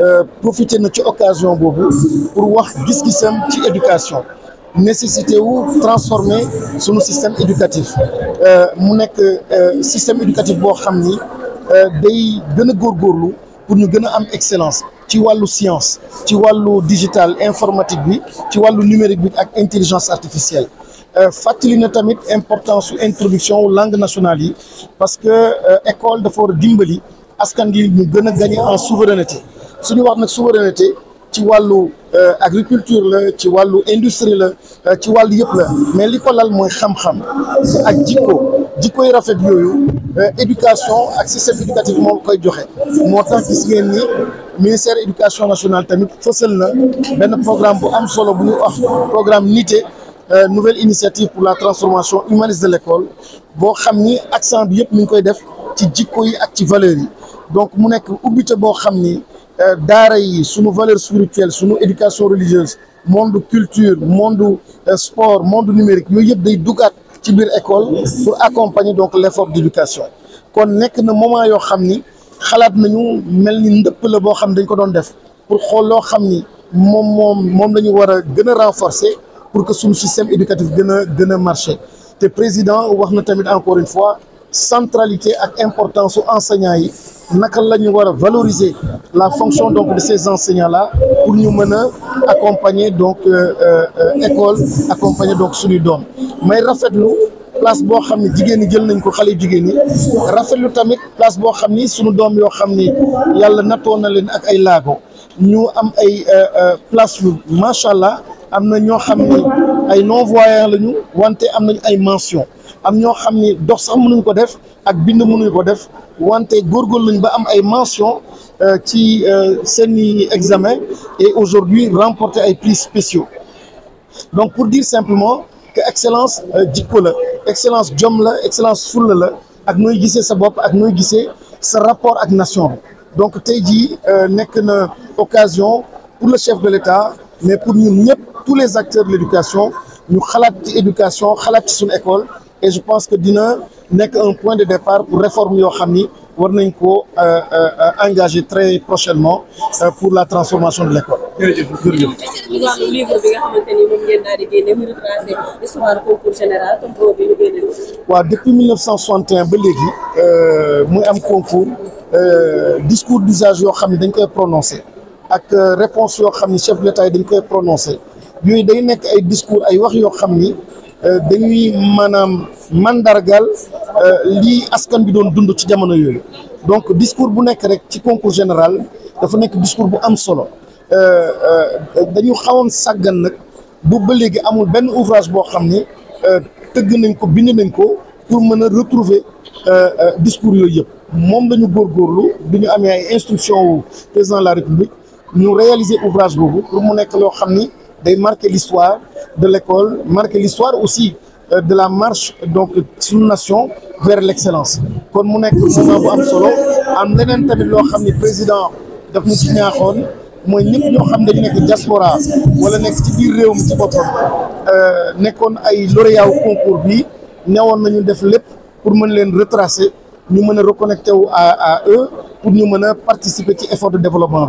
Euh, profiter de ci occasion pour voir de l'éducation. éducation nécessité ou transformer notre système éducatif euh, Mon euh, système éducatif est un peu pour nous donner une am excellence ci y science ci le digital informatique bi ci le numérique bi intelligence artificielle fàttali na tamit importance su introduction aux langues nationales parce que école de war dimbali en souveraineté suñu wax nag souveraineté ci wàllu euh, agriculture la ci wàllu industrie la euh, ci wàllu yëpp la mais li ko lal mooy xam-xam ak jikko jikkoy rafet yooyu euh, éducation ak si éducatif moo koy joxe moo tax gis ngeen ni ministère éducation nationale tamit fësal na benn programme bu am solo bu ñu wax programme nité nouvelle initiative pour la transformation humaniste de l'école boo xam ni accent bi yëpp mi ngi koy def ci jikko yi ak ci valeur yi donc mu nekk ubbite boo xam ni Euh, daara yi sunu valeur spirituelle sunu éducation religieuse monde culture monde euh, sport monde numérique nous avons day dugaat ci école pour accompagner donc l'effort d'éducation kon nekk na moment yoo nous ni xalaat nañu mel ni ndëpp la boo xam dañ ko pour que nous xam ni moom moom renforcer pour que notre système éducatif puisse marcher. Le président je tamit encore une fois centralité et importance aux enseignants naka la ñu valoriser la fonction donc de ces enseignants là pour ñu mener accompagner donc euh, euh, école accompagner donc suñu doom may rafetlu place boo xam ni jigéen ñi jël nañ ko xale jigéen ni rafetlu tamit place bo xamni suñu doom yo xamni yalla natto na leen ak ay laago ñu am ay euh, place yu macha allah am na ay non voyants lañu wante des ay mention am ñoo xamni ni dox sax mënuñ ko def ak bind mënuñ ko def wante gorgol lañ ba am ay mention euh, ci euh, examen et aujourd'hui remporter ay prix spéciaux donc pour dire simplement que excellence euh, jikko excellence jom excellence fulla la ak nooy gissé sa bop ak nooy gissé sa rapport ak nation donc tay n'est qu'une na occasion pour le chef de l'État mais pour nous, tous les acteurs de l'éducation nous avons l'éducation, éducation avons école et je pense que dina n'est qu'un point de départ pour réformer yoo et nous war euh, euh, engager très prochainement euh, pour la transformation de l'école. depuis 1961 discours d'usage de prononcé ak euh, réponse yo xamni chef de l'État dañ koy prononcer yooyu day nekk ay discours ay wax yo xamni euh, dañuy manam mandargal euh, li askan bi doon dund ci jamono yooyu donc discours bu nekk rek ci concours général dafa nekk discours bu am solo euh euh dañu xawon sàggan nak bu ba légui amul ben ouvrage bo xamni ni tëgg nañ ko bind nañ ko pour mën a retrouver discours yooyu yëpp moom la ñu góorgóorlu bi ñu ay instruction président de la république nous réaliser ouvrage beaucoup, pour mu nekk loo xam day marquer l'histoire de l'école marquer l'histoire aussi euh, de la marche donc suñu nation vers l'excellence kon mu nekk moment bu am solo am leneen tamit loo xam président daf ñu ci ñaaxoon mooy ñëpp ñoo xam ne dañu nekk diaspora wala nekk ci biir réew mi ci boppam euh, nekkoon ay lauréat concours bi newoon nañu def pour mën leen retracer ñu mën reconnecter wu à à eux pour ñu mën participer ci effort de développement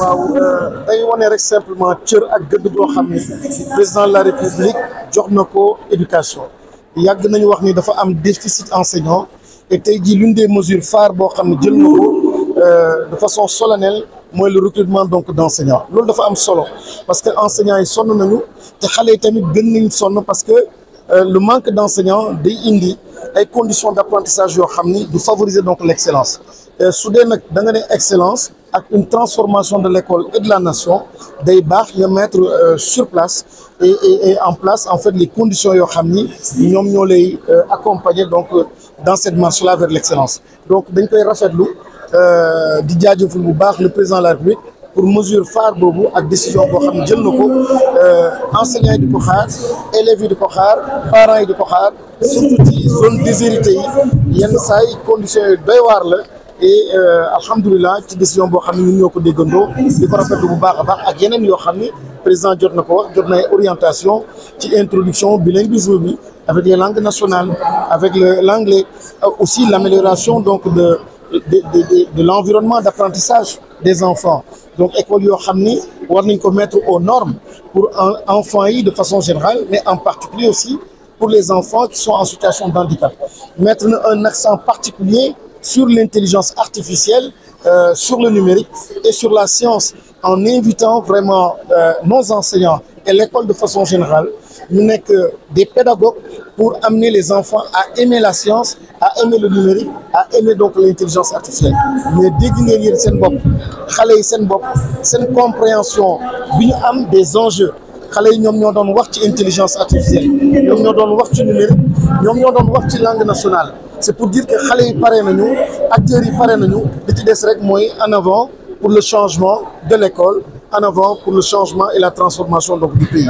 waaw euh, day rek simplement cër ak président de la république jox ko éducation yag nañ wax ni dafa am déficit enseignant et c'est jii l'une des mesures phares bo xam jël nako euh, de façon solennelle moy le recrutement donc d'enseignants. enseignant dafa am solo parce que enseignants yi sonn nañu te xalé tamit gën nañ sonn parce que euh, le manque d'enseignants, enseignant day indi ay conditions d'apprentissage yo yoo du favoriser donc l'excellence. Euh, soudain dans l'excellence, excellence ak une transformation de l'école et de la nation day baax mettre euh, sur place et en place en fait les conditions yo xamni ñom ñolay euh, accompagner donc dans cette marche-là vers l'excellence donc dañ koy rafetlu di bu baax le président de la République pour mesure phare bobu ak décision boo xamni jël enseignants du élèves du parents surtout dans xaar surtout ci zone déshéritée des yenn conditions qui doy war la et euh, alhamdulilah ci décision de xam de ñun ñoo ko déggandoo ko rafetlu bu baax ak yeneen yoo président jot na wax orientation introduction bilinguisme avec les langues nationales avec l'anglais euh, aussi l'amélioration donc de de de de l'environnement d'apprentissage des enfants donc l'école yoo xam ni war mettre aux normes pour enfants yi de façon générale mais en particulier aussi pour les enfants qui sont en situation de handicap mettre un accent particulier sur l'intelligence artificielle, euh, sur le numérique et sur la science, en invitant vraiment euh, nos enseignants et l'école de façon générale, nous n'est que des pédagogues pour amener les enfants à aimer la science, à aimer le numérique, à aimer donc l'intelligence artificielle. Mais déguiner sen bop, xalé sen bop, sen compréhension des enjeux xale yi ñoo intelligence artificielle ñoom ñoo numérique ñoo langue nationale c'est pour dire que Khalé parrain nous, nañu acteurs yi pare nañu li des rek en avant pour le changement de l'école en avant pour le changement et la transformation donc du pays